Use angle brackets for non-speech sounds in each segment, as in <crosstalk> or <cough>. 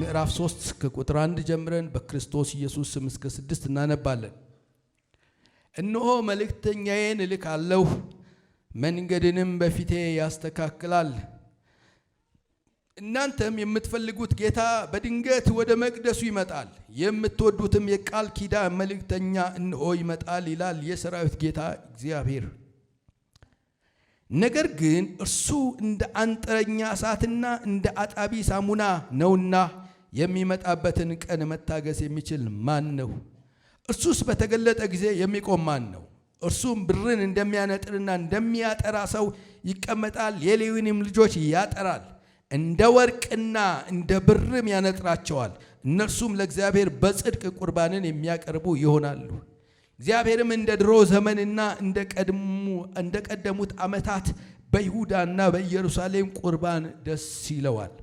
ምዕራፍ 3 ከቁጥር 1 ጀምረን በክርስቶስ ኢየሱስ ስም እስከ 6 እናነባለን። እነሆ መልእክተኛዬን እልካለሁ፣ መንገድንም በፊቴ ያስተካክላል። እናንተም የምትፈልጉት ጌታ በድንገት ወደ መቅደሱ ይመጣል፣ የምትወዱትም የቃል ኪዳን መልእክተኛ እንሆ ይመጣል ይላል የሰራዊት ጌታ እግዚአብሔር። ነገር ግን እርሱ እንደ አንጥረኛ እሳትና እንደ አጣቢ ሳሙና ነውና የሚመጣበትን ቀን መታገስ የሚችል ማን ነው? እርሱስ በተገለጠ ጊዜ የሚቆም ማን ነው? እርሱም ብርን እንደሚያነጥርና እንደሚያጠራ ሰው ይቀመጣል፣ የሌዊንም ልጆች ያጠራል፣ እንደ ወርቅና እንደ ብርም ያነጥራቸዋል። እነርሱም ለእግዚአብሔር በጽድቅ ቁርባንን የሚያቀርቡ ይሆናሉ። እግዚአብሔርም እንደ ድሮ ዘመንና እንደ ቀደሙት ዓመታት በይሁዳና በኢየሩሳሌም ቁርባን ደስ ይለዋል።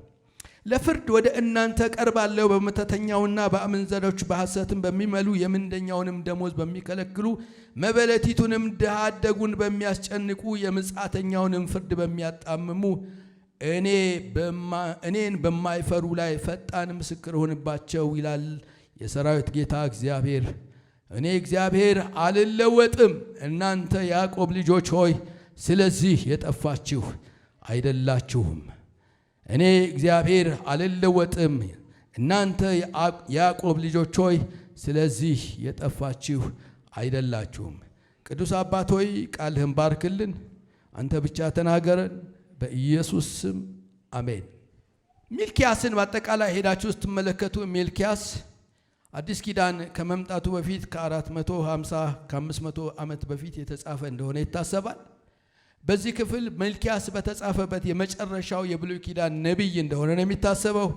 ለፍርድ ወደ እናንተ ቀርባለሁ። በመተተኛውና በአመንዘሮች በሐሰትም በሚመሉ የምንደኛውንም ደሞዝ በሚከለክሉ መበለቲቱንም ድሃ አደጉን በሚያስጨንቁ የምጻተኛውንም ፍርድ በሚያጣምሙ እኔን በማይፈሩ ላይ ፈጣን ምስክር ሆንባቸው ይላል የሰራዊት ጌታ እግዚአብሔር። እኔ እግዚአብሔር አልለወጥም። እናንተ ያዕቆብ ልጆች ሆይ ስለዚህ የጠፋችሁ አይደላችሁም። እኔ እግዚአብሔር አልለወጥም። እናንተ ያዕቆብ ልጆች ሆይ ስለዚህ የጠፋችሁ አይደላችሁም። ቅዱስ አባት ሆይ ቃልህን ባርክልን፣ አንተ ብቻ ተናገረን፣ በኢየሱስ ስም አሜን። ሚልኪያስን በአጠቃላይ ሄዳችሁ ስትመለከቱ ሚልኪያስ አዲስ ኪዳን ከመምጣቱ በፊት ከ450 ከ500 ዓመት በፊት የተጻፈ እንደሆነ ይታሰባል። በዚህ ክፍል መልኪያስ በተጻፈበት የመጨረሻው የብሉይ ኪዳን ነቢይ እንደሆነ ነው የሚታሰበው።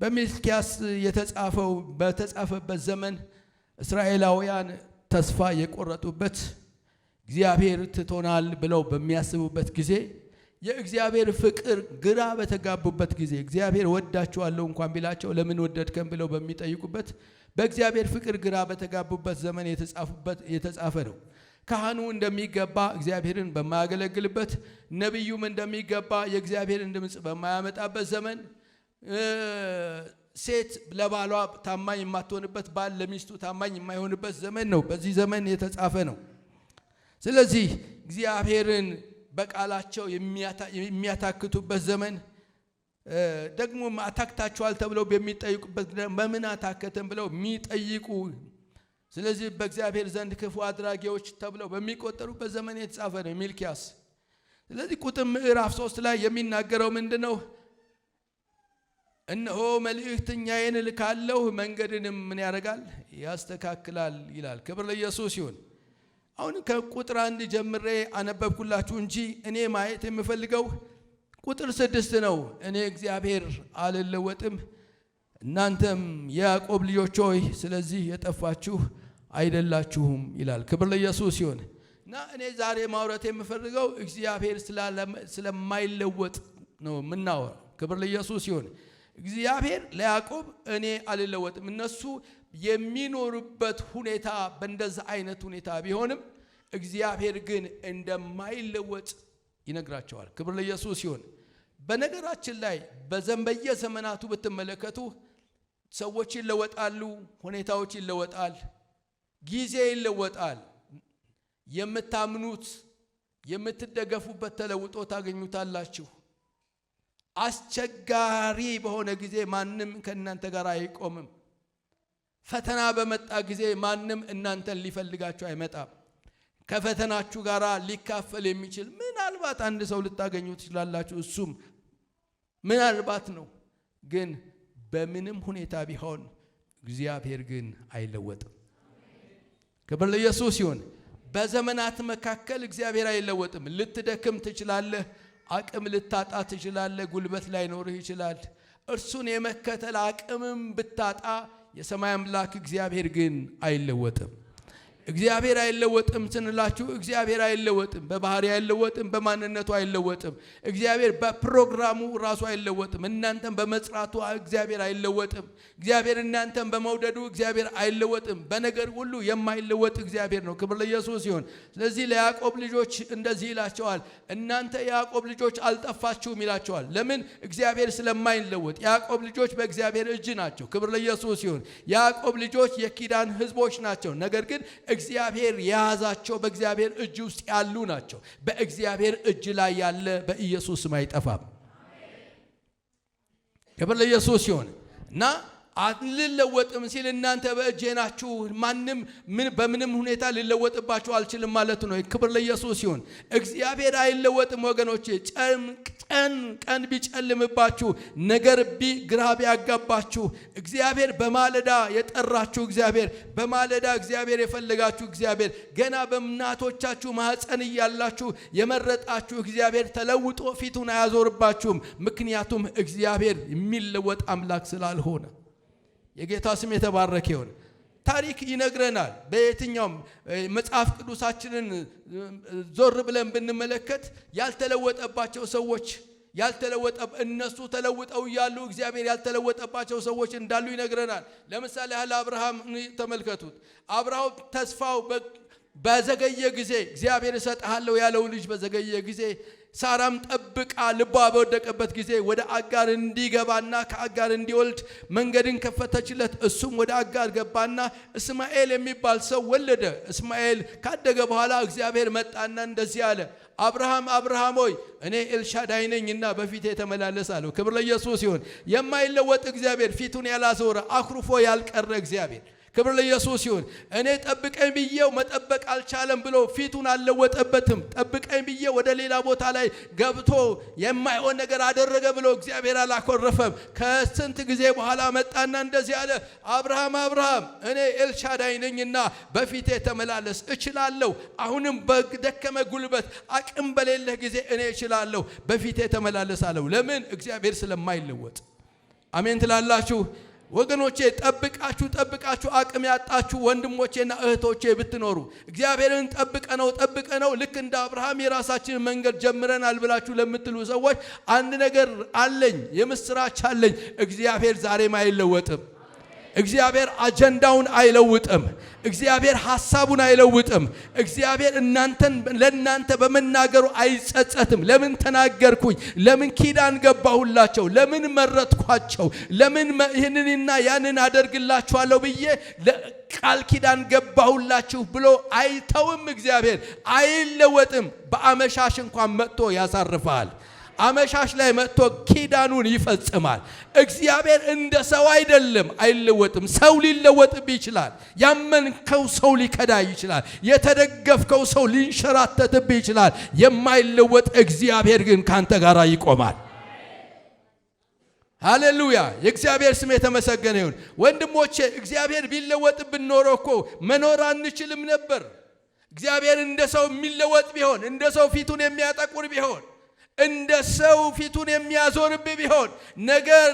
በሚልኪያስ የተጻፈው በተጻፈበት ዘመን እስራኤላውያን ተስፋ የቆረጡበት እግዚአብሔር ትቶናል ብለው በሚያስቡበት ጊዜ የእግዚአብሔር ፍቅር ግራ በተጋቡበት ጊዜ እግዚአብሔር ወዳችኋለሁ እንኳን ቢላቸው ለምን ወደድከን ብለው በሚጠይቁበት በእግዚአብሔር ፍቅር ግራ በተጋቡበት ዘመን የተጻፈ ነው። ካህኑ እንደሚገባ እግዚአብሔርን በማያገለግልበት፣ ነቢዩም እንደሚገባ የእግዚአብሔርን ድምፅ በማያመጣበት ዘመን ሴት ለባሏ ታማኝ የማትሆንበት፣ ባል ለሚስቱ ታማኝ የማይሆንበት ዘመን ነው። በዚህ ዘመን የተጻፈ ነው። ስለዚህ እግዚአብሔርን በቃላቸው የሚያታክቱበት ዘመን ደግሞ አታክታችኋል ተብለው በሚጠይቁበት በምን አታከተን ብለው የሚጠይቁ ስለዚህ በእግዚአብሔር ዘንድ ክፉ አድራጊዎች ተብለው በሚቆጠሩበት ዘመን የተጻፈ ነው ሚልኪያስ። ስለዚህ ቁጥር ምዕራፍ ሶስት ላይ የሚናገረው ምንድን ነው? እነሆ መልእክተኛዬን እልካለሁ መንገድንም ምን ያደርጋል? ያስተካክላል ይላል። ክብር ለኢየሱስ ይሁን። አሁን ከቁጥር አንድ ጀምሬ አነበብኩላችሁ እንጂ እኔ ማየት የምፈልገው ቁጥር ስድስት ነው። እኔ እግዚአብሔር አልለወጥም፣ እናንተም የያዕቆብ ልጆች ሆይ ስለዚህ የጠፋችሁ አይደላችሁም ይላል። ክብር ለኢየሱስ ይሁን እና እኔ ዛሬ ማውራት የምፈልገው እግዚአብሔር ስለማይለወጥ ነው የምናወራ። ክብር ለኢየሱስ ይሁን። እግዚአብሔር ለያዕቆብ እኔ አልለወጥም። እነሱ የሚኖሩበት ሁኔታ በእንደዛ አይነት ሁኔታ ቢሆንም እግዚአብሔር ግን እንደማይለወጥ ይነግራቸዋል። ክብር ለኢየሱስ ይሁን። በነገራችን ላይ በዘንበየ ዘመናቱ ብትመለከቱ ሰዎች ይለወጣሉ፣ ሁኔታዎች ይለወጣል። ጊዜ ይለወጣል። የምታምኑት የምትደገፉበት ተለውጦ ታገኙታላችሁ። አስቸጋሪ በሆነ ጊዜ ማንም ከእናንተ ጋር አይቆምም። ፈተና በመጣ ጊዜ ማንም እናንተን ሊፈልጋችሁ አይመጣም። ከፈተናችሁ ጋር ሊካፈል የሚችል ምናልባት አንድ ሰው ልታገኙ ትችላላችሁ። እሱም ምናልባት ነው። ግን በምንም ሁኔታ ቢሆን እግዚአብሔር ግን አይለወጥም። ክብር ለኢየሱስ ይሁን። በዘመናት መካከል እግዚአብሔር አይለወጥም። ልትደክም ትችላለህ። አቅም ልታጣ ትችላለህ። ጉልበት ላይኖርህ ይችላል። እርሱን የመከተል አቅምም ብታጣ የሰማይ አምላክ እግዚአብሔር ግን አይለወጥም። እግዚአብሔር አይለወጥም ስንላችሁ እግዚአብሔር አይለወጥም፣ በባህሪ አይለወጥም፣ በማንነቱ አይለወጥም። እግዚአብሔር በፕሮግራሙ ራሱ አይለወጥም። እናንተም በመጽራቱ እግዚአብሔር አይለወጥም። እግዚአብሔር እናንተም በመውደዱ እግዚአብሔር አይለወጥም። በነገር ሁሉ የማይለወጥ እግዚአብሔር ነው። ክብር ለኢየሱስ ይሁን። ስለዚህ ለያዕቆብ ልጆች እንደዚህ ይላቸዋል፣ እናንተ የያዕቆብ ልጆች አልጠፋችሁም ይላቸዋል። ለምን? እግዚአብሔር ስለማይለወጥ። ያዕቆብ ልጆች በእግዚአብሔር እጅ ናቸው። ክብር ለኢየሱስ ይሁን። ያዕቆብ ልጆች የኪዳን ህዝቦች ናቸው። ነገር ግን እግዚአብሔር የያዛቸው በእግዚአብሔር እጅ ውስጥ ያሉ ናቸው። በእግዚአብሔር እጅ ላይ ያለ በኢየሱስም አይጠፋም። ክብር ለኢየሱስ ይሁን እና አልለወጥም ሲል እናንተ በእጄ ናችሁ፣ ማንም በምንም ሁኔታ ልለወጥባችሁ አልችልም ማለት ነው። ክብር ለኢየሱስ ይሁን። እግዚአብሔር አይለወጥም ወገኖቼ። ቀን ቀን ቢጨልምባችሁ፣ ነገር ቢግራ ቢያጋባችሁ፣ እግዚአብሔር በማለዳ የጠራችሁ እግዚአብሔር በማለዳ እግዚአብሔር የፈለጋችሁ እግዚአብሔር ገና በእናቶቻችሁ ማኅፀን እያላችሁ የመረጣችሁ እግዚአብሔር ተለውጦ ፊቱን አያዞርባችሁም። ምክንያቱም እግዚአብሔር የሚለወጥ አምላክ ስላልሆነ የጌታ ስም የተባረከ ይሁን። ታሪክ ይነግረናል። በየትኛውም መጽሐፍ ቅዱሳችንን ዞር ብለን ብንመለከት ያልተለወጠባቸው ሰዎች ያልተለወጠ እነሱ ተለውጠው እያሉ እግዚአብሔር ያልተለወጠባቸው ሰዎች እንዳሉ ይነግረናል። ለምሳሌ ያህል አብርሃም ተመልከቱት። አብርሃም ተስፋው በዘገየ ጊዜ እግዚአብሔር እሰጥሃለሁ ያለው ልጅ በዘገየ ጊዜ ሳራም ጠብቃ ልቧ በወደቀበት ጊዜ ወደ አጋር እንዲገባና ከአጋር እንዲወልድ መንገድን ከፈተችለት። እሱም ወደ አጋር ገባና እስማኤል የሚባል ሰው ወለደ። እስማኤል ካደገ በኋላ እግዚአብሔር መጣና እንደዚህ አለ፣ አብርሃም አብርሃም ሆይ እኔ ኤልሻዳይ ነኝና በፊቴ የተመላለስ አለው። ክብር ለኢየሱስ ይሁን። የማይለወጥ እግዚአብሔር ፊቱን ያላዞረ አኩርፎ ያልቀረ እግዚአብሔር ክብር ለኢየሱስ ይሁን። እኔ ጠብቀኝ ብዬው መጠበቅ አልቻለም ብሎ ፊቱን አልለወጠበትም። ጠብቀኝ ብዬ ወደ ሌላ ቦታ ላይ ገብቶ የማይሆን ነገር አደረገ ብሎ እግዚአብሔር አላኮረፈም። ከስንት ጊዜ በኋላ መጣና እንደዚህ አለ፣ አብርሃም አብርሃም፣ እኔ ኤልሻዳይ ነኝና በፊቴ ተመላለስ። እችላለሁ። አሁንም በደከመ ጉልበት አቅም በሌለህ ጊዜ እኔ እችላለሁ፣ በፊቴ ተመላለስ አለው። ለምን? እግዚአብሔር ስለማይለወጥ። አሜን ትላላችሁ። ወገኖቼ ጠብቃችሁ ጠብቃችሁ አቅም ያጣችሁ ወንድሞቼና እህቶቼ ብትኖሩ እግዚአብሔርን ጠብቀነው ጠብቀነው ልክ እንደ አብርሃም የራሳችንን መንገድ ጀምረናል ብላችሁ ለምትሉ ሰዎች አንድ ነገር አለኝ፣ የምስራች አለኝ። እግዚአብሔር ዛሬም አይለወጥም። እግዚአብሔር አጀንዳውን አይለውጥም። እግዚአብሔር ሐሳቡን አይለውጥም። እግዚአብሔር እናንተን ለእናንተ በመናገሩ አይጸጸትም። ለምን ተናገርኩኝ? ለምን ኪዳን ገባሁላቸው? ለምን መረጥኳቸው? ለምን ይህንንና ያንን አደርግላችኋለሁ ብዬ ቃል ኪዳን ገባሁላችሁ ብሎ አይተውም። እግዚአብሔር አይለወጥም። በአመሻሽ እንኳን መጥቶ ያሳርፈሃል። አመሻሽ ላይ መጥቶ ኪዳኑን ይፈጽማል። እግዚአብሔር እንደ ሰው አይደለም፣ አይለወጥም። ሰው ሊለወጥብ ይችላል። ያመንከው ሰው ሊከዳ ይችላል። የተደገፍከው ሰው ሊንሸራተትብ ይችላል። የማይለወጥ እግዚአብሔር ግን ካንተ ጋር ይቆማል። ሃሌሉያ! የእግዚአብሔር ስም የተመሰገነ ይሁን። ወንድሞቼ እግዚአብሔር ቢለወጥብን ኖሮ እኮ መኖር አንችልም ነበር። እግዚአብሔር እንደ ሰው የሚለወጥ ቢሆን እንደ ሰው ፊቱን የሚያጠቁር ቢሆን እንደ ሰው ፊቱን የሚያዞርብ ቢሆን ነገር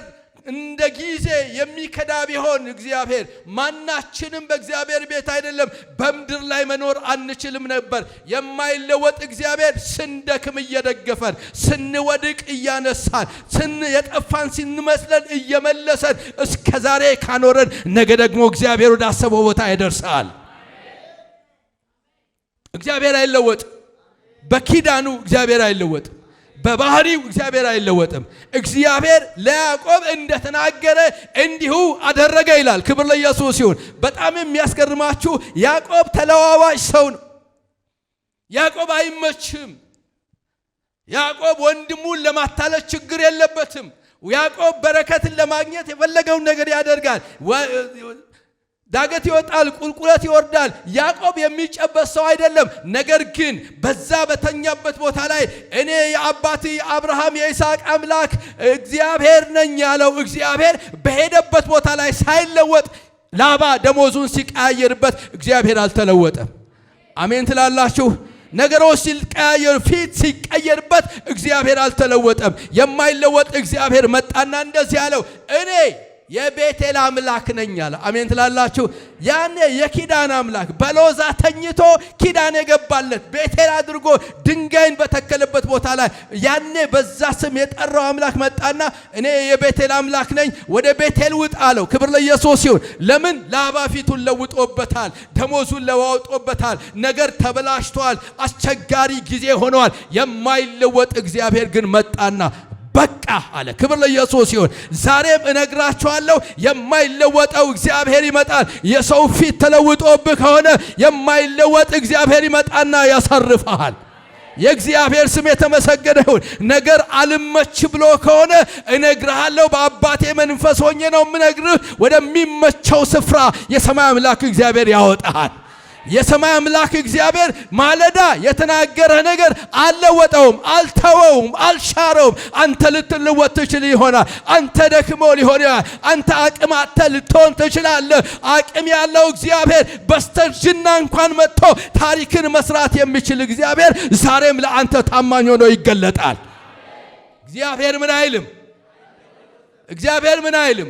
እንደ ጊዜ የሚከዳ ቢሆን እግዚአብሔር ማናችንም በእግዚአብሔር ቤት አይደለም በምድር ላይ መኖር አንችልም ነበር። የማይለወጥ እግዚአብሔር ስንደክም እየደገፈን፣ ስንወድቅ እያነሳን፣ የጠፋን ሲንመስለን እየመለሰን እስከ ዛሬ ካኖረን ነገ ደግሞ እግዚአብሔር ወደ አሰበው ቦታ ያደርሳል። እግዚአብሔር አይለወጥ። በኪዳኑ እግዚአብሔር አይለወጥ። በባህሪው እግዚአብሔር አይለወጥም። እግዚአብሔር ለያዕቆብ እንደተናገረ እንዲሁ አደረገ ይላል። ክብር ለኢየሱስ ሲሆን በጣም የሚያስገርማችሁ ያዕቆብ ተለዋዋጭ ሰው ነው። ያዕቆብ አይመችም። ያዕቆብ ወንድሙን ለማታለል ችግር የለበትም። ያዕቆብ በረከትን ለማግኘት የፈለገውን ነገር ያደርጋል። ዳገት ይወጣል፣ ቁልቁለት ይወርዳል። ያዕቆብ የሚጨበስ ሰው አይደለም። ነገር ግን በዛ በተኛበት ቦታ ላይ እኔ የአባት የአብርሃም የይስሐቅ አምላክ እግዚአብሔር ነኝ ያለው እግዚአብሔር በሄደበት ቦታ ላይ ሳይለወጥ ላባ ደሞዙን ሲቀያየርበት እግዚአብሔር አልተለወጠም። አሜን ትላላችሁ? ነገሮች ሲቀያየሩ ፊት ሲቀየርበት እግዚአብሔር አልተለወጠም። የማይለወጥ እግዚአብሔር መጣና እንደዚህ ያለው እኔ የቤቴል አምላክ ነኝ አለ። አሜን ትላላችሁ። ያኔ የኪዳን አምላክ በሎዛ ተኝቶ ኪዳን የገባለት ቤቴል አድርጎ ድንጋይን በተከለበት ቦታ ላይ ያኔ በዛ ስም የጠራው አምላክ መጣና እኔ የቤቴል አምላክ ነኝ፣ ወደ ቤቴል ውጥ አለው። ክብር ለኢየሱስ ይሁን። ለምን ላባ ፊቱን ለውጦበታል፣ ደሞዙን ለዋውጦበታል። ነገር ተበላሽቷል፣ አስቸጋሪ ጊዜ ሆነዋል። የማይለወጥ እግዚአብሔር ግን መጣና በቃ አለ። ክብር ለኢየሱስ ይሁን። ዛሬም እነግራችኋለሁ የማይለወጠው እግዚአብሔር ይመጣል። የሰው ፊት ተለውጦብህ ከሆነ የማይለወጥ እግዚአብሔር ይመጣና ያሳርፈሃል። የእግዚአብሔር ስም የተመሰገነ ይሁን። ነገር አልመች ብሎ ከሆነ እነግርሃለሁ፣ በአባቴ መንፈስ ሆኜ ነው የምነግርህ። ወደሚመቸው ስፍራ የሰማይ አምላክ እግዚአብሔር ያወጣሃል። የሰማይ አምላክ እግዚአብሔር ማለዳ የተናገረ ነገር አልለወጠውም፣ አልተወውም፣ አልሻረውም። አንተ ልትለወጥ ትችል ይሆናል። አንተ ደክሞ ሊሆን ይሆናል። አንተ አቅም አጥተህ ልትሆን ትችላለህ። አቅም ያለው እግዚአብሔር በስተርጅና እንኳን መጥቶ ታሪክን መስራት የሚችል እግዚአብሔር ዛሬም ለአንተ ታማኝ ሆኖ ይገለጣል። እግዚአብሔር ምን አይልም። እግዚአብሔር ምን አይልም።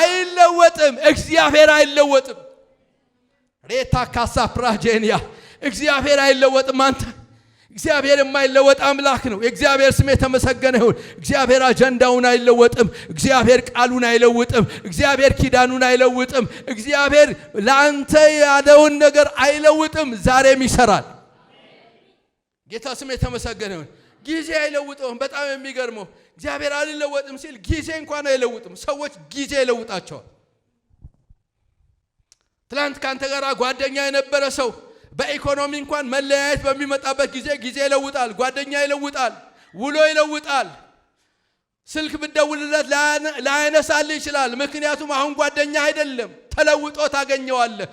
አይለወጥም። እግዚአብሔር አይለወጥም። ሬታ ካሳ ፕራጄንያ እግዚአብሔር አይለወጥም። አንተ እግዚአብሔር የማይለወጥ አምላክ ነው። የእግዚአብሔር ስም የተመሰገነ ይሁን። እግዚአብሔር አጀንዳውን አይለወጥም። እግዚአብሔር ቃሉን አይለውጥም። እግዚአብሔር ኪዳኑን አይለውጥም። እግዚአብሔር ለአንተ ያለውን ነገር አይለውጥም። ዛሬም ይሰራል። ጌታ ስም የተመሰገነ ይሁን። ጊዜ አይለውጠውም። በጣም የሚገርመው እግዚአብሔር አልለወጥም ሲል ጊዜ እንኳን አይለውጥም። ሰዎች ጊዜ ይለውጣቸዋል። ትላንት ካንተ ጋር ጓደኛ የነበረ ሰው በኢኮኖሚ እንኳን መለያየት በሚመጣበት ጊዜ ጊዜ ይለውጣል፣ ጓደኛ ይለውጣል፣ ውሎ ይለውጣል። ስልክ ብደውልለት ላይነሳል ይችላል። ምክንያቱም አሁን ጓደኛ አይደለም፣ ተለውጦ ታገኘዋለህ።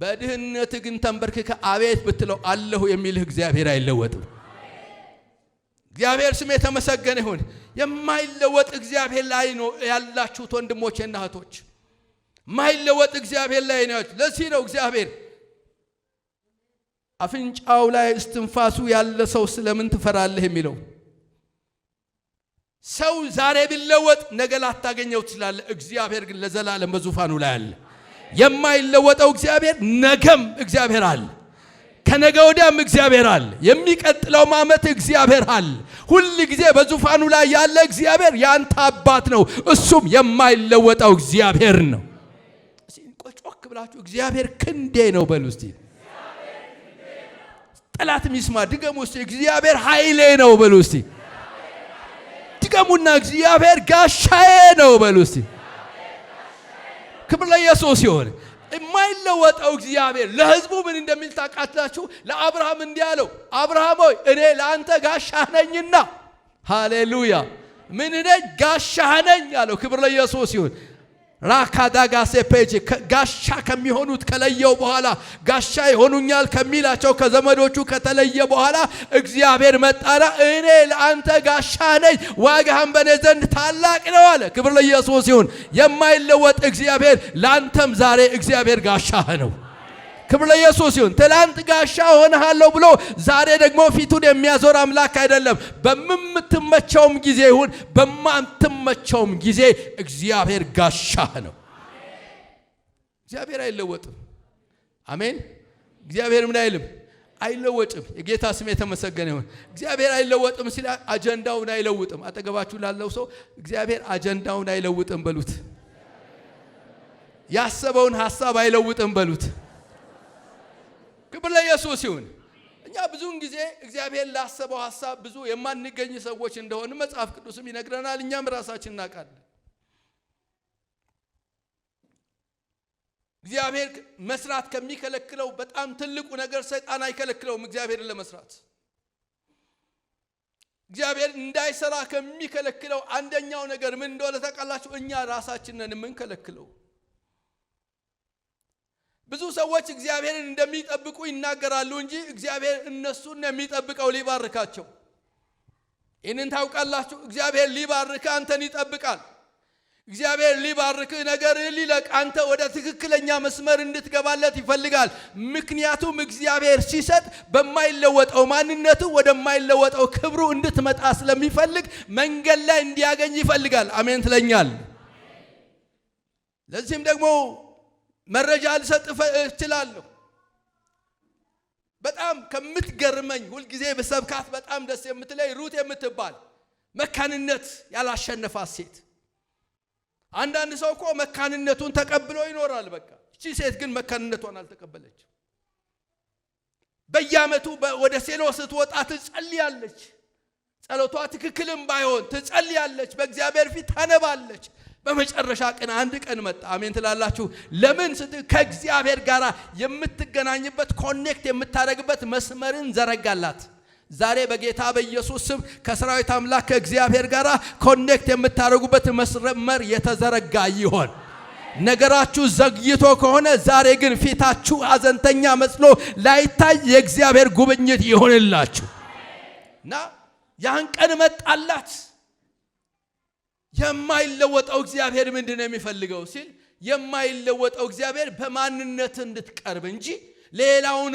በድህነት ግን ተንበርክከ አቤት ብትለው አለሁ የሚልህ እግዚአብሔር አይለወጥም። እግዚአብሔር ስም የተመሰገነ ይሁን። የማይለወጥ እግዚአብሔር ላይ ነው ያላችሁት ወንድሞቼና እህቶች። ማይለወጥ እግዚአብሔር ላይ ነው። ለዚህ ነው እግዚአብሔር አፍንጫው ላይ እስትንፋሱ ያለ ሰው ስለምን ትፈራለህ የሚለው። ሰው ዛሬ ቢለወጥ ነገ ላታገኘው ትችላለህ። እግዚአብሔር ግን ለዘላለም በዙፋኑ ላይ አለ። የማይለወጠው እግዚአብሔር ነገም እግዚአብሔር አለ። ከነገ ወዲያም እግዚአብሔር አለ። የሚቀጥለውም ዓመት እግዚአብሔር አለ። ሁል ጊዜ በዙፋኑ ላይ ያለ እግዚአብሔር ያንተ አባት ነው። እሱም የማይለወጠው እግዚአብሔር ነው። ብላችሁ እግዚአብሔር ክንዴ ነው በሉ እስቲ። ጠላት ሚስማ ድገሙ እስቲ። እግዚአብሔር ኃይሌ ነው በሉ እስቲ። ድገሙና እግዚአብሔር ጋሻዬ ነው በሉ እስቲ። ክብር ለኢየሱስ ይሁን። የማይለወጠው እግዚአብሔር ለህዝቡ ምን እንደሚል ታውቃላችሁ? ለአብርሃም እንዲህ አለው፣ አብርሃም ሆይ እኔ ለአንተ ጋሻ ነኝና። ሃሌሉያ ምን ነኝ? ጋሻ ነኝ አለው። ክብር ለኢየሱስ ይሁን። ጋሴ ፔጅ ጋሻ ከሚሆኑት ከለየው በኋላ ጋሻ ይሆኑኛል ከሚላቸው ከዘመዶቹ ከተለየ በኋላ እግዚአብሔር መጣና እኔ ለአንተ ጋሻ ነኝ፣ ዋጋህን በእኔ ዘንድ ታላቅ ነው አለ። ክብር ለኢየሱስ ይሁን። የማይለወጥ እግዚአብሔር ለአንተም ዛሬ እግዚአብሔር ጋሻህ ነው። ክብር ለኢየሱስ ይሁን። ትላንት ጋሻ ሆነሃለሁ ብሎ ዛሬ ደግሞ ፊቱን የሚያዞር አምላክ አይደለም። በምትመቸውም ጊዜ ይሁን በማትመቸውም ጊዜ እግዚአብሔር ጋሻህ ነው። እግዚአብሔር አይለወጥም። አሜን። እግዚአብሔር ምን አይልም አይለወጥም። የጌታ ስም የተመሰገነ ይሁን። እግዚአብሔር አይለወጥም ሲል አጀንዳውን አይለውጥም። አጠገባችሁ ላለው ሰው እግዚአብሔር አጀንዳውን አይለውጥም በሉት። ያሰበውን ሀሳብ አይለውጥም በሉት። ክብር ለኢየሱስ ይሁን። እኛ ብዙውን ጊዜ እግዚአብሔር ላሰበው ሀሳብ ብዙ የማንገኝ ሰዎች እንደሆን መጽሐፍ ቅዱስም ይነግረናል። እኛም ራሳችን እናውቃለን። እግዚአብሔር መስራት ከሚከለክለው በጣም ትልቁ ነገር ሰይጣን አይከለክለውም። እግዚአብሔርን ለመስራት እግዚአብሔር እንዳይሰራ ከሚከለክለው አንደኛው ነገር ምን እንደሆነ ታውቃላችሁ? እኛ ራሳችንን የምንከለክለው ብዙ ሰዎች እግዚአብሔርን እንደሚጠብቁ ይናገራሉ እንጂ እግዚአብሔር እነሱን የሚጠብቀው ሊባርካቸው። ይህንን ታውቃላችሁ። እግዚአብሔር ሊባርክ አንተን ይጠብቃል። እግዚአብሔር ሊባርክ ነገር ሊለቅ አንተ ወደ ትክክለኛ መስመር እንድትገባለት ይፈልጋል። ምክንያቱም እግዚአብሔር ሲሰጥ በማይለወጠው ማንነቱ ወደማይለወጠው ክብሩ እንድትመጣ ስለሚፈልግ መንገድ ላይ እንዲያገኝ ይፈልጋል። አሜን ትለኛል። ለዚህም ደግሞ መረጃ ልሰጥ እችላለሁ። በጣም ከምትገርመኝ ሁልጊዜ በሰብካት በጣም ደስ የምትለይ ሩት የምትባል መካንነት ያላሸነፋት ሴት። አንዳንድ ሰው እኮ መካንነቱን ተቀብሎ ይኖራል። በቃ እቺ ሴት ግን መካንነቷን አልተቀበለች። በየዓመቱ ወደ ሴሎ ስትወጣ ትጸልያለች። ጸሎቷ ትክክልም ባይሆን ትጸልያለች። በእግዚአብሔር ፊት ታነባለች። በመጨረሻ ቀን አንድ ቀን መጣ። አሜን ትላላችሁ። ለምን ስት ከእግዚአብሔር ጋር የምትገናኝበት ኮኔክት የምታደርግበት መስመርን ዘረጋላት። ዛሬ በጌታ በኢየሱስ ስም ከሰራዊት አምላክ ከእግዚአብሔር ጋር ኮኔክት የምታደርጉበት መስመር የተዘረጋ ይሆን። ነገራችሁ ዘግይቶ ከሆነ ዛሬ ግን ፊታችሁ አዘንተኛ መስሎ ላይታይ የእግዚአብሔር ጉብኝት ይሆንላችሁ እና ያን ቀን መጣላት። የማይለወጠው እግዚአብሔር ምንድን ነው የሚፈልገው ሲል የማይለወጠው እግዚአብሔር በማንነት እንድትቀርብ እንጂ ሌላውን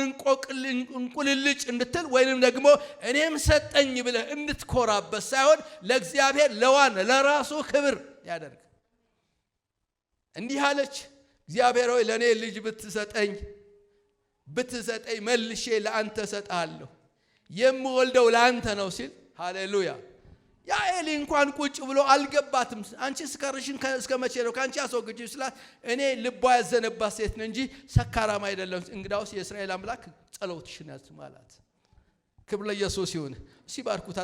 እንቁልልጭ እንድትል ወይንም ደግሞ እኔም ሰጠኝ ብለህ እንድትኮራበት ሳይሆን ለእግዚአብሔር ለዋን ለራሱ ክብር ያደርግ። እንዲህ አለች፣ እግዚአብሔር ሆይ ለእኔ ልጅ ብትሰጠኝ ብትሰጠኝ መልሼ ለአንተ ሰጣለሁ፣ የምወልደው ለአንተ ነው ሲል ሃሌሉያ ያ ኤሊ እንኳን ቁጭ ብሎ አልገባትም። አንቺ ስካርሽን እስከ መቼ ነው ከአንቺ አስወግጅ ስላት እኔ ልቧ ያዘነባት ሴት ነው እንጂ ሰካራም አይደለም። እንግዳውስ የእስራኤል አምላክ ጸሎትሽን ያዝም ክብር ለኢየሱስ ይሁን። እሲ ባርኩት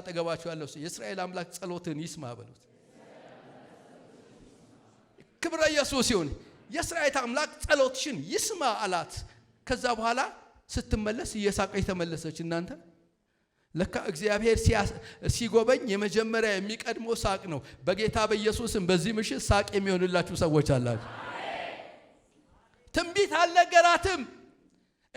ያለው የእስራኤል አምላክ ጸሎትን ይስማ በሉት። ክብር ለኢየሱስ ይሁን። የእስራኤል አምላክ ጸሎትሽን ይስማ አላት። ከዛ በኋላ ስትመለስ እየሳቀች ተመለሰች። እናንተ ለካ እግዚአብሔር ሲጎበኝ የመጀመሪያ የሚቀድመው ሳቅ ነው። በጌታ በኢየሱስም በዚህ ምሽት ሳቅ የሚሆንላችሁ ሰዎች አላችሁ። ትንቢት አልነገራትም።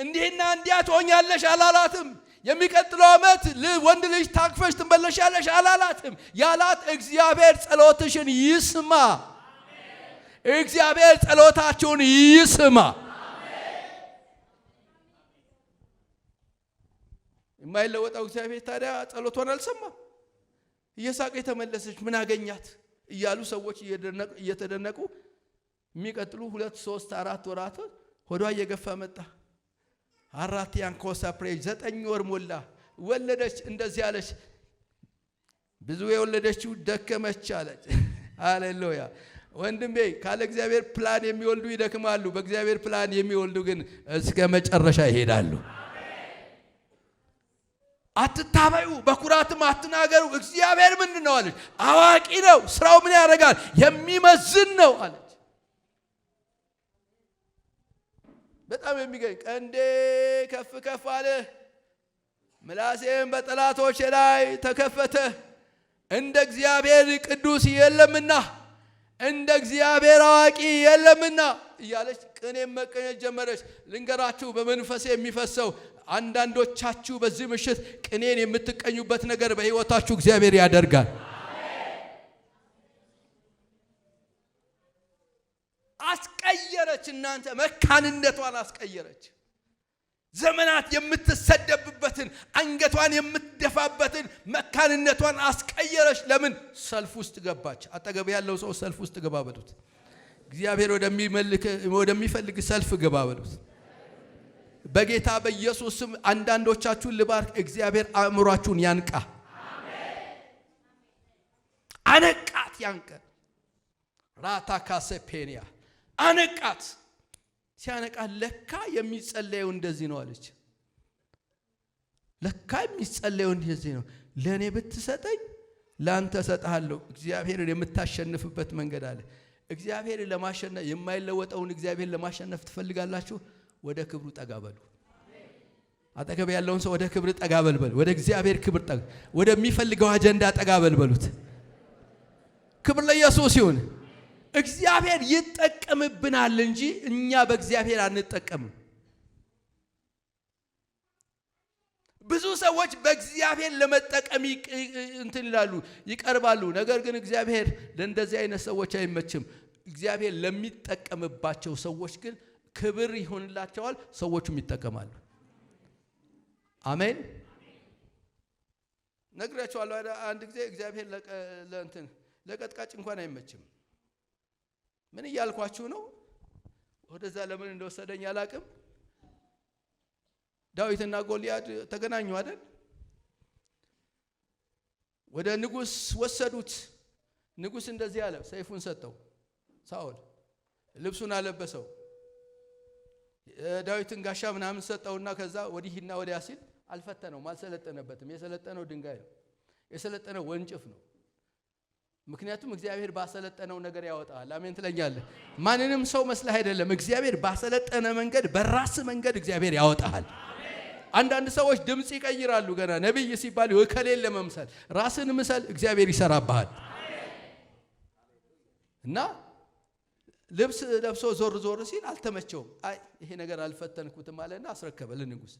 እንዲህና እንዲያ ትሆኛለሽ አላላትም። የሚቀጥለው ዓመት ወንድ ልጅ ታቅፈሽ ትመለሻለሽ አላላትም። ያላት እግዚአብሔር ጸሎትሽን ይስማ። እግዚአብሔር ጸሎታችሁን ይስማ። የማይለወጠው እግዚአብሔር ታዲያ ጸሎቷን አልሰማም። እየሳቀ የተመለሰች ምን አገኛት እያሉ ሰዎች እየተደነቁ የሚቀጥሉ ሁለት ሶስት አራት ወራት ሆዷ እየገፋ መጣ። አራት ያንኮሳ ፕሬጅ ዘጠኝ ወር ሞላ። ወለደች። እንደዚህ አለች፣ ብዙ የወለደችው ደከመች አለች። አሌሉያ <laughs> ወንድሜ ካለ እግዚአብሔር ፕላን የሚወልዱ ይደክማሉ። በእግዚአብሔር ፕላን የሚወልዱ ግን እስከ መጨረሻ ይሄዳሉ። አትታበዩ፣ በኩራትም አትናገሩ። እግዚአብሔር ምንድን ነው አለች? አዋቂ ነው። ስራው ምን ያደርጋል? የሚመዝን ነው አለች። በጣም የሚገኝ ቀንዴ ከፍ ከፍ አለ፣ ምላሴም በጠላቶች ላይ ተከፈተ። እንደ እግዚአብሔር ቅዱስ የለምና እንደ እግዚአብሔር አዋቂ የለምና እያለች ቅኔ መቀኘት ጀመረች። ልንገራችሁ በመንፈሴ የሚፈሰው አንዳንዶቻችሁ በዚህ ምሽት ቅኔን የምትቀኙበት ነገር በሕይወታችሁ እግዚአብሔር ያደርጋል። አስቀየረች። እናንተ መካንነቷን አስቀየረች። ዘመናት የምትሰደብበትን አንገቷን የምትደፋበትን መካንነቷን አስቀየረች። ለምን ሰልፍ ውስጥ ገባች? አጠገብ ያለው ሰው ሰልፍ ውስጥ ገባ በሉት። እግዚአብሔር ወደሚፈልግ ሰልፍ ገባ በሉት። በጌታ በኢየሱስ ስም አንዳንዶቻችሁን ልባርክ። እግዚአብሔር አእምሯችሁን ያንቃ፣ አነቃት፣ ያንቀ ራታ ካሰፔንያ አነቃት። ሲያነቃት ለካ የሚጸለየው እንደዚህ ነው አለች። ለካ የሚጸለየው እንደዚህ ነው። ለእኔ ብትሰጠኝ ለአንተ እሰጥሃለሁ። እግዚአብሔርን የምታሸንፍበት መንገድ አለ። እግዚአብሔርን ለማሸነፍ የማይለወጠውን እግዚአብሔር ለማሸነፍ ትፈልጋላችሁ? ወደ ክብሩ ጠጋ በሉ። አጠገብ ያለውን ሰው ወደ ክብር ጠጋ በል ወደ እግዚአብሔር ክብር ጠጋ፣ ወደሚፈልገው አጀንዳ ጠጋ በልበሉት ክብር ለኢየሱስ ይሁን። እግዚአብሔር ይጠቀምብናል እንጂ እኛ በእግዚአብሔር አንጠቀምም። ብዙ ሰዎች በእግዚአብሔር ለመጠቀም እንትን ይላሉ፣ ይቀርባሉ። ነገር ግን እግዚአብሔር ለእንደዚህ አይነት ሰዎች አይመችም። እግዚአብሔር ለሚጠቀምባቸው ሰዎች ግን ክብር ይሆንላቸዋል፣ ሰዎቹም ይጠቀማሉ። አሜን። ነግሬያቸዋለሁ። አንድ ጊዜ እግዚአብሔር ለእንትን ለቀጥቃጭ እንኳን አይመችም። ምን እያልኳችሁ ነው? ወደዛ ለምን እንደወሰደኝ አላቅም። ዳዊትና ጎልያድ ተገናኙ አይደል? ወደ ንጉስ ወሰዱት። ንጉስ እንደዚህ አለ። ሰይፉን ሰጠው። ሳኦል ልብሱን አለበሰው። ዳዊትን ጋሻ ምናምን ሰጠውና ከዛ ወዲህና ወዲያ ሲል አልፈተነውም፣ አልሰለጠነበትም። የሰለጠነው ድንጋይ ነው፣ የሰለጠነው ወንጭፍ ነው። ምክንያቱም እግዚአብሔር ባሰለጠነው ነገር ያወጣል። አሜን ትለኛለህ። ማንንም ሰው መስለህ አይደለም። እግዚአብሔር ባሰለጠነ መንገድ፣ በራስ መንገድ እግዚአብሔር ያወጣሃል። አንዳንድ ሰዎች ድምፅ ይቀይራሉ። ገና ነቢይ ሲባል እከሌን ለመምሰል ራስን ምሰል፣ እግዚአብሔር ይሰራብሃል እና ልብስ ለብሶ ዞር ዞር ሲል አልተመቸውም። አይ ይሄ ነገር አልፈተንኩትም አለና አስረከበ ለንጉስ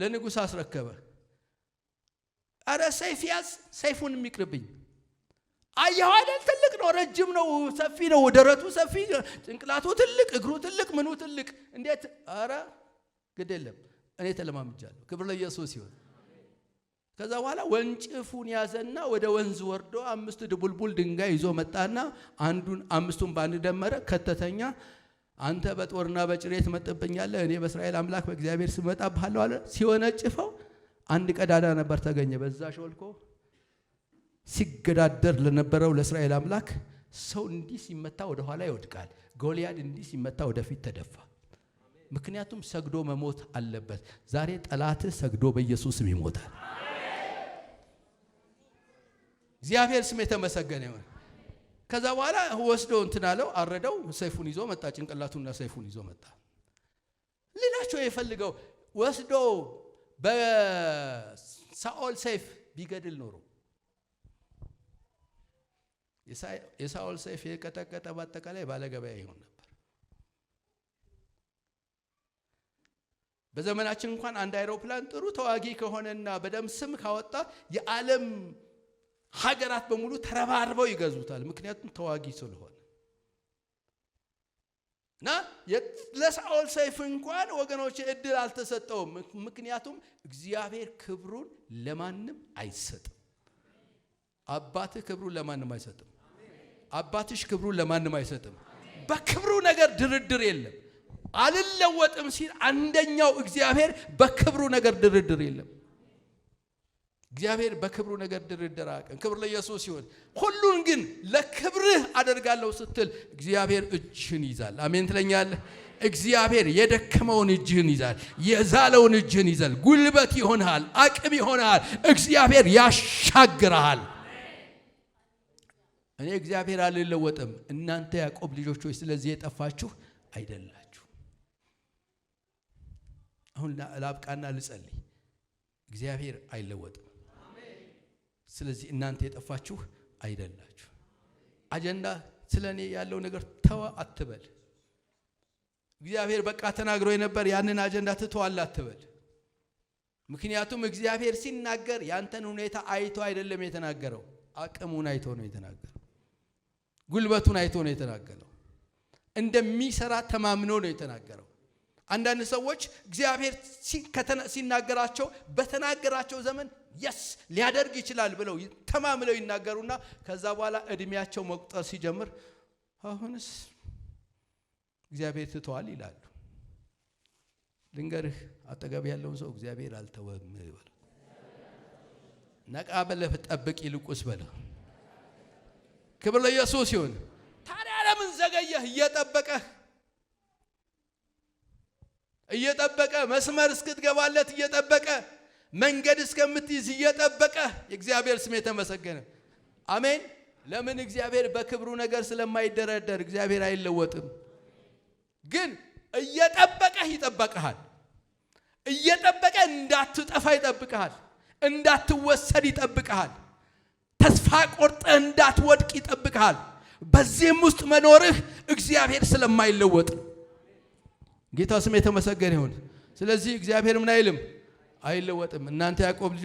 ለንጉስ አስረከበ። አረ ሰይፍ ያዝ፣ ሰይፉን የሚቅርብኝ አየሁ አይደል? ትልቅ ነው፣ ረጅም ነው፣ ሰፊ ነው፣ ደረቱ ሰፊ፣ ጭንቅላቱ ትልቅ፣ እግሩ ትልቅ፣ ምኑ ትልቅ። እንዴት አረ ግድ የለም እኔ ተለማምጃለሁ። ክብር ለኢየሱስ ይሁን። ከዛ በኋላ ወንጭፉን ያዘና ወደ ወንዝ ወርዶ አምስት ድቡልቡል ድንጋይ ይዞ መጣና አንዱን አምስቱን ባንድ ደመረ ከተተኛ። አንተ በጦርና በጭሬ ትመጥብኛለህ፣ እኔ በእስራኤል አምላክ በእግዚአብሔር ስመጣ ባለው አለ። ሲወነጭፈው አንድ ቀዳዳ ነበር ተገኘ። በዛ ሾልኮ ሲገዳደር ለነበረው ለእስራኤል አምላክ ሰው እንዲህ ሲመታ ወደኋላ ይወድቃል። ጎልያድ እንዲህ ሲመታ ወደፊት ተደፋ። ምክንያቱም ሰግዶ መሞት አለበት። ዛሬ ጠላትህ ሰግዶ በኢየሱስም ይሞታል። እግዚአብሔር ስም የተመሰገነ ይሆን። ከዛ በኋላ ወስዶ እንትን አለው አረደው። ሰይፉን ይዞ መጣ፣ ጭንቅላቱና ሰይፉን ይዞ መጣ። ሌላቸው የፈልገው ወስዶ በሳኦል ሰይፍ ቢገድል ኖሮ የሳኦል ሰይፍ የቀጠቀጠ በአጠቃላይ ባለገበያ ይሆን ነበር። በዘመናችን እንኳን አንድ አይሮፕላን ጥሩ ተዋጊ ከሆነና በደም ስም ካወጣ የዓለም ሀገራት በሙሉ ተረባርበው ይገዙታል። ምክንያቱም ተዋጊ ስለሆነ እና ለሳኦል ሰይፍ እንኳን ወገኖች እድል አልተሰጠውም። ምክንያቱም እግዚአብሔር ክብሩን ለማንም አይሰጥም። አባትህ ክብሩን ለማንም አይሰጥም። አባትሽ ክብሩን ለማንም አይሰጥም። በክብሩ ነገር ድርድር የለም። አልለወጥም ሲል አንደኛው እግዚአብሔር በክብሩ ነገር ድርድር የለም። እግዚአብሔር በክብሩ ነገር ድርድር አያውቅም። ክብር ለኢየሱስ ይሁን። ሁሉን ግን ለክብርህ አደርጋለሁ ስትል እግዚአብሔር እጅህን ይዛል። አሜን ትለኛለህ። እግዚአብሔር የደከመውን እጅህን ይዛል፣ የዛለውን እጅህን ይዛል። ጉልበት ይሆናል፣ አቅም ይሆንሃል። እግዚአብሔር ያሻግረሃል። እኔ እግዚአብሔር አልለወጥም፣ እናንተ ያዕቆብ ልጆች ሆይ ስለዚህ የጠፋችሁ አይደላችሁ። አሁን ላብቃና ልጸልይ። እግዚአብሔር አይለወጥም። ስለዚህ እናንተ የጠፋችሁ አይደላችሁ። አጀንዳ ስለ እኔ ያለው ነገር ተወ አትበል። እግዚአብሔር በቃ ተናግሮ የነበር ያንን አጀንዳ ትተዋል አትበል። ምክንያቱም እግዚአብሔር ሲናገር ያንተን ሁኔታ አይቶ አይደለም የተናገረው፣ አቅሙን አይቶ ነው የተናገረው። ጉልበቱን አይቶ ነው የተናገረው። እንደሚሰራ ተማምኖ ነው የተናገረው። አንዳንድ ሰዎች እግዚአብሔር ሲናገራቸው በተናገራቸው ዘመን የስ ሊያደርግ ይችላል ብለው ተማምለው ይናገሩና ከዛ በኋላ እድሜያቸው መቁጠር ሲጀምር አሁንስ እግዚአብሔር ትተዋል ይላሉ። ልንገርህ፣ አጠገብ ያለውን ሰው እግዚአብሔር አልተወም ይበል። ነቃ በለህ፣ ጠብቅ፣ ይልቁስ በለህ። ክብር ለኢየሱስ ይሁን። ታዲያ ለምን ዘገየህ? እየጠበቀህ እየጠበቀ መስመር እስክትገባለት እየጠበቀ መንገድ እስከምትይዝ እየጠበቀ የእግዚአብሔር ስም የተመሰገነ አሜን። ለምን እግዚአብሔር በክብሩ ነገር ስለማይደረደር እግዚአብሔር አይለወጥም። ግን እየጠበቀህ ይጠበቀሃል። እየጠበቀ እንዳትጠፋ ይጠብቀሃል። እንዳትወሰድ ይጠብቀሃል። ተስፋ ቆርጠህ እንዳትወድቅ ይጠብቀሃል። በዚህም ውስጥ መኖርህ እግዚአብሔር ስለማይለወጥ ጌታ ስም የተመሰገነ ይሁን። ስለዚህ እግዚአብሔር ምን አይልም አይለወጥም። እናንተ ያዕቆብ ልጆች